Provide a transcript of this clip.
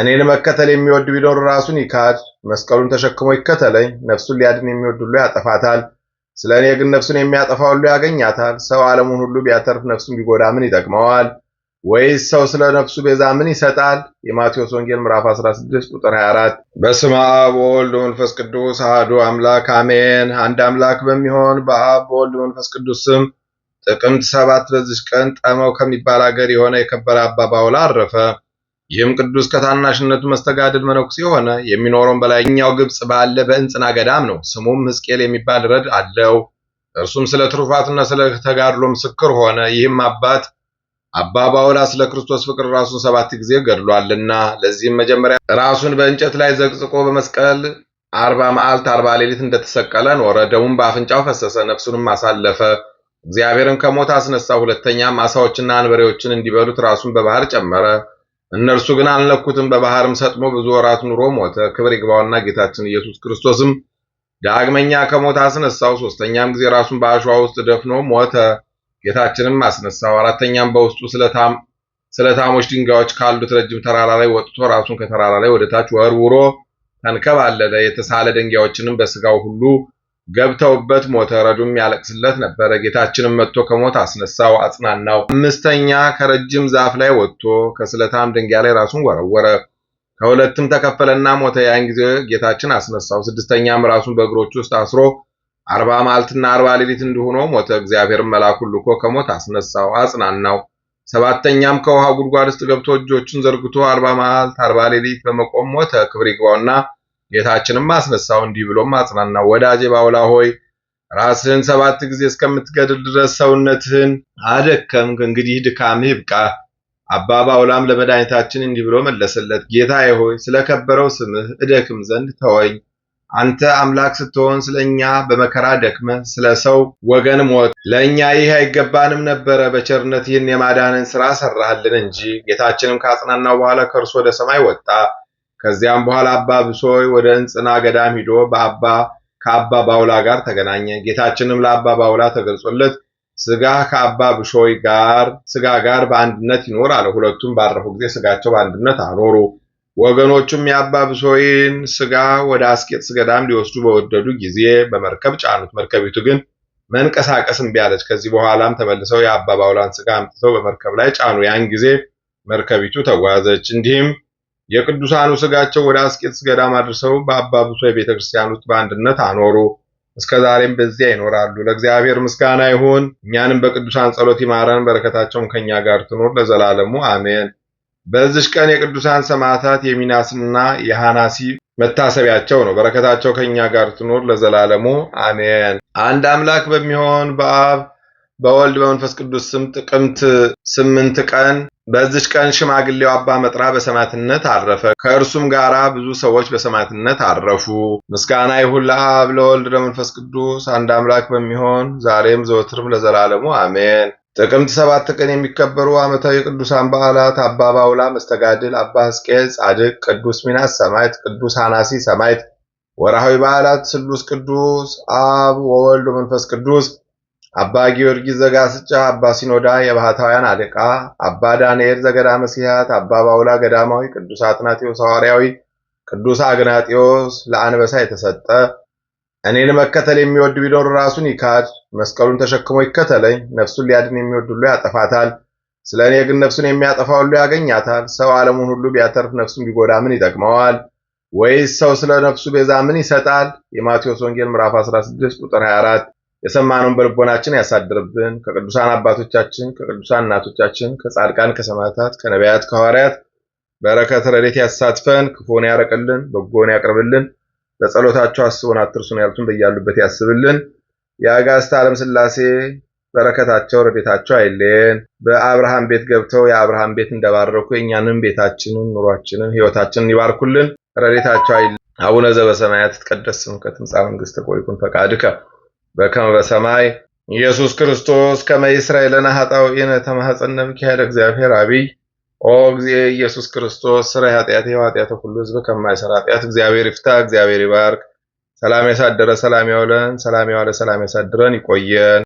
እኔን መከተል የሚወድ ቢኖር ራሱን ይካድ፣ መስቀሉን ተሸክሞ ይከተለኝ። ነፍሱን ሊያድን የሚወድ ሁሉ ያጠፋታል፣ ስለ እኔ ግን ነፍሱን የሚያጠፋ ሁሉ ያገኛታል። ሰው ዓለሙን ሁሉ ቢያተርፍ ነፍሱን ቢጎዳ ምን ይጠቅመዋል? ወይስ ሰው ስለ ነፍሱ ቤዛ ምን ይሰጣል? የማቴዎስ ወንጌል ምዕራፍ 16 ቁጥር 24። በስመ አብ ወወልድ ወመንፈስ ቅዱስ አሐዱ አምላክ አሜን። አንድ አምላክ በሚሆን በአብ በወልድ መንፈስ ቅዱስ ስም ጥቅምት ሰባት በዚች ቀን ጠመው ከሚባል አገር የሆነ የከበረ አባ ባውላ አረፈ። ይህም ቅዱስ ከታናሽነቱ መስተጋድል መነኩስ የሆነ የሚኖረውን በላይኛው ግብጽ ባለ በእንጽና ገዳም ነው። ስሙም ሕዝቅኤል የሚባል ረድ አለው። እርሱም ስለ ትሩፋትና ስለ ተጋድሎ ምስክር ሆነ። ይህም አባት አባ ባውላ ስለ ክርስቶስ ፍቅር ራሱን ሰባት ጊዜ ገድሏልና ለዚህም መጀመሪያ ራሱን በእንጨት ላይ ዘቅዝቆ በመስቀል አርባ መዓልት አርባ ሌሊት እንደተሰቀለ ኖረ። ደሙም በአፍንጫው ፈሰሰ፣ ነፍሱንም አሳለፈ። እግዚአብሔርን ከሞት አስነሳ። ሁለተኛም አሳዎችና አንበሬዎችን እንዲበሉት ራሱን በባህር ጨመረ። እነርሱ ግን አልነኩትም። በባህርም ሰጥሞ ብዙ ወራት ኑሮ ሞተ። ክብር ይግባውና ጌታችን ኢየሱስ ክርስቶስም ዳግመኛ ከሞት አስነሳው። ሶስተኛም ጊዜ ራሱን በአሸዋ ውስጥ ደፍኖ ሞተ። ጌታችንም አስነሳው። አራተኛም በውስጡ ስለታሞች ድንጋዮች ካሉት ረጅም ተራራ ላይ ወጥቶ ራሱን ከተራራ ላይ ወደታች ወርውሮ ተንከባለለ። የተሳለ ድንጋዮችንም በስጋው ሁሉ ገብተውበት ሞተ። ረዱም ያለቅስለት ነበረ። ጌታችንም መጥቶ ከሞት አስነሳው፣ አጽናናው። አምስተኛ ከረጅም ዛፍ ላይ ወጥቶ ከስለታም ድንጋይ ላይ ራሱን ወረወረ። ከሁለትም ተከፈለና ሞተ። ያን ጊዜ ጌታችን አስነሳው። ስድስተኛም ራሱን በእግሮቹ ውስጥ አስሮ አርባ ማልትና አርባ ሌሊት እንዲሆኖ ሞተ። እግዚአብሔር መልአኩን ልኮ ከሞት አስነሳው፣ አጽናናው። ሰባተኛም ከውሃ ጉድጓድ ውስጥ ገብቶ እጆቹን ዘርግቶ አርባ ማልት አርባ ሌሊት በመቆም ሞተ። ክብር ይግባውና ጌታችንም አስነሳው እንዲህ ብሎም አጽናና፣ ወዳጄ ባውላ ሆይ ራስህን ሰባት ጊዜ እስከምትገድል ድረስ ሰውነትህን አደከምክ። እንግዲህ ድካምህ ይብቃ። አባ ባውላም ለመድኃኒታችን እንዲህ ብሎ መለሰለት፣ ጌታዬ ሆይ ስለከበረው ስምህ እደክም ዘንድ ተወኝ። አንተ አምላክ ስትሆን ስለ እኛ በመከራ ደክመ ስለ ሰው ወገን ሞት። ለእኛ ይህ አይገባንም ነበረ። በቸርነት ይህን የማዳንን ሥራ ሰራህልን እንጂ። ጌታችንም ካጽናናው በኋላ ከእርሱ ወደ ሰማይ ወጣ። ከዚያም በኋላ አባ ብሶይ ወደ እንጽና ገዳም ሂዶ በአባ ከአባ ባውላ ጋር ተገናኘ። ጌታችንም ለአባ ባውላ ተገልጾለት ስጋ ከአባ ብሾይ ጋር ስጋ ጋር በአንድነት ይኖር አለ። ሁለቱም ባረፉ ጊዜ ስጋቸው በአንድነት አኖሩ። ወገኖቹም የአባ ብሶይን ስጋ ወደ አስቄጥስ ገዳም ሊወስዱ በወደዱ ጊዜ በመርከብ ጫኑት። መርከቢቱ ግን መንቀሳቀስ እምቢ አለች። ከዚህ በኋላም ተመልሰው የአባ ባውላን ስጋ አምጥተው በመርከብ ላይ ጫኑ። ያን ጊዜ መርከቢቱ ተጓዘች። እንዲህም የቅዱሳኑ ስጋቸው ወደ አስቄጥስ ገዳም አድርሰው በአባ ብሶይ ክርስቲያን ውስጥ በአንድነት አኖሩ። እስከ ዛሬም በዚያ ይኖራሉ። ለእግዚአብሔር ምስጋና ይሁን። እኛንም በቅዱሳን ጸሎት ይማረን፣ በረከታቸውም ከእኛ ጋር ትኖር ለዘላለሙ አሜን። በዚች ቀን የቅዱሳን ሰማዕታት የሚናስና የሐናሲ መታሰቢያቸው ነው። በረከታቸው ከእኛ ጋር ትኖር ለዘላለሙ አሜን። አንድ አምላክ በሚሆን በአብ በወልድ በመንፈስ ቅዱስ ስም ጥቅምት ስምንት ቀን በዚች ቀን ሽማግሌው አባ መጥራ በሰማዕትነት አረፈ። ከእርሱም ጋር ብዙ ሰዎች በሰማዕትነት አረፉ። ምስጋና ይሁን ለአብ ለወልድ ለመንፈስ ቅዱስ አንድ አምላክ በሚሆን ዛሬም ዘወትርም ለዘላለሙ አሜን። ጥቅምት ሰባት ቀን የሚከበሩ ዓመታዊ ቅዱሳን በዓላት አባ ባውላ መስተጋድል፣ አባ ሕዝቅኤል ጻድቅ፣ ቅዱስ ሚናስ ሰማዕት፣ ቅዱስ አናሲ ሰማዕት። ወርሃዊ በዓላት ስሉስ ቅዱስ፣ አብ ወወልድ ወመንፈስ ቅዱስ አባ ጊዮርጊስ ዘጋስጫ፣ አባ ሲኖዳ የባህታውያን አለቃ፣ አባ ዳንኤል ዘገዳ ሲያት፣ አባ ባውላ ገዳማዊ፣ ቅዱስ አትናቴዎስ ሐዋርያዊ፣ ቅዱስ አግናጢዎስ ለአንበሳ የተሰጠ እኔን መከተል የሚወድ ቢኖር ራሱን ይካድ፣ መስቀሉን ተሸክሞ ይከተለኝ። ነፍሱን ሊያድን የሚወድ ሁሉ ያጠፋታል፣ ስለ እኔ ግን ነፍሱን የሚያጠፋ ሁሉ ያገኛታል። ሰው ዓለሙን ሁሉ ቢያተርፍ ነፍሱን ቢጎዳ ምን ይጠቅመዋል? ወይስ ሰው ስለ ነፍሱ ቤዛ ምን ይሰጣል? የማቴዎስ ወንጌል ምዕራፍ 16 ቁጥር 24 የሰማነውን በልቦናችን ያሳድርብን። ከቅዱሳን አባቶቻችን፣ ከቅዱሳን እናቶቻችን፣ ከጻድቃን፣ ከሰማዕታት፣ ከነቢያት፣ ከሐዋርያት በረከት ረድኤት ያሳትፈን። ክፉን ያረቅልን፣ በጎን ያቅርብልን። በጸሎታቸው አስቡን አትርሱን ያሉትን በያሉበት ያስብልን። የአጋዕዝተ ዓለም ሥላሴ በረከታቸው ረድኤታቸው አይለየን። በአብርሃም ቤት ገብተው የአብርሃም ቤት እንደባረኩ የእኛንም ቤታችንን፣ ኑሯችንን፣ ሕይወታችንን ይባርኩልን። ረድኤታቸው አይለየን። አቡነ ዘበሰማያት ይትቀደስ ስምከ ትምጻእ መንግሥትከ ወይኩን ፈቃድከ በከመ በሰማይ ኢየሱስ ክርስቶስ ከመ ይሥራኤለነ ኃጣውኢነ ተማኅፀነ ሚካኤል እግዚአብሔር አብይ ኦ እግዚእ ኢየሱስ ክርስቶስ ስራ ኃጢአት ኃጢአት ሁሉ ህዝብ ከማይሰራ ኃጢአት እግዚአብሔር ይፍታ፣ እግዚአብሔር ይባርክ። ሰላም ያሳደረ ሰላም ያውለን፣ ሰላም ያዋለ ሰላም ያሳድረን፣ ይቆየን።